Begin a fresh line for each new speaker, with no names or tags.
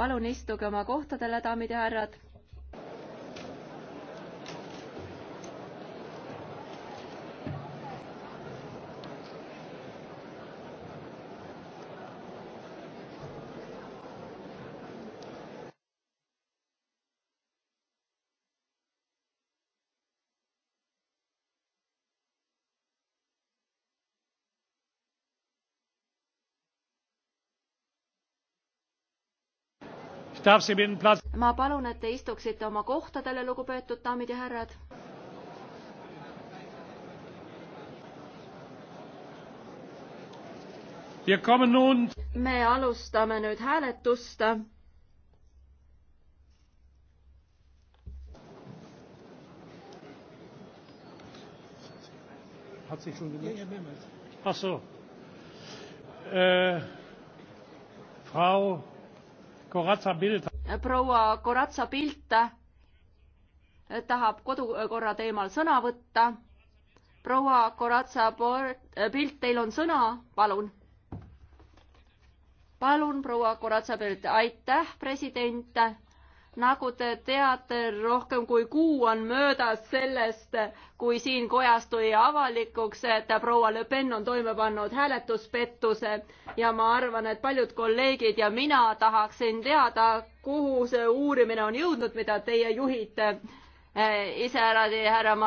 palun istuge oma kohtadele, daamid ja härrad. ma palun, et te istuksite oma kohtadele, lugupeetud daamid ja härrad. me alustame nüüd hääletust.
Hat sich schon gelöst? Ja, ja, mehrmals. Ach
so. Äh, Frau proua Koratsa Pilt tahab kodukorra teemal sõna võtta. proua Koratsa Pilt, teil on sõna, palun. palun, proua Koratsa Pilt, aitäh, president nagu te teate, rohkem kui kuu on möödas sellest, kui siin kojas tuli avalikuks, et proua Le Pen on toime pannud hääletuspettuse ja ma arvan, et paljud kolleegid ja mina tahaksin teada, kuhu see uurimine on jõudnud, mida teie juhite. iseäradi härra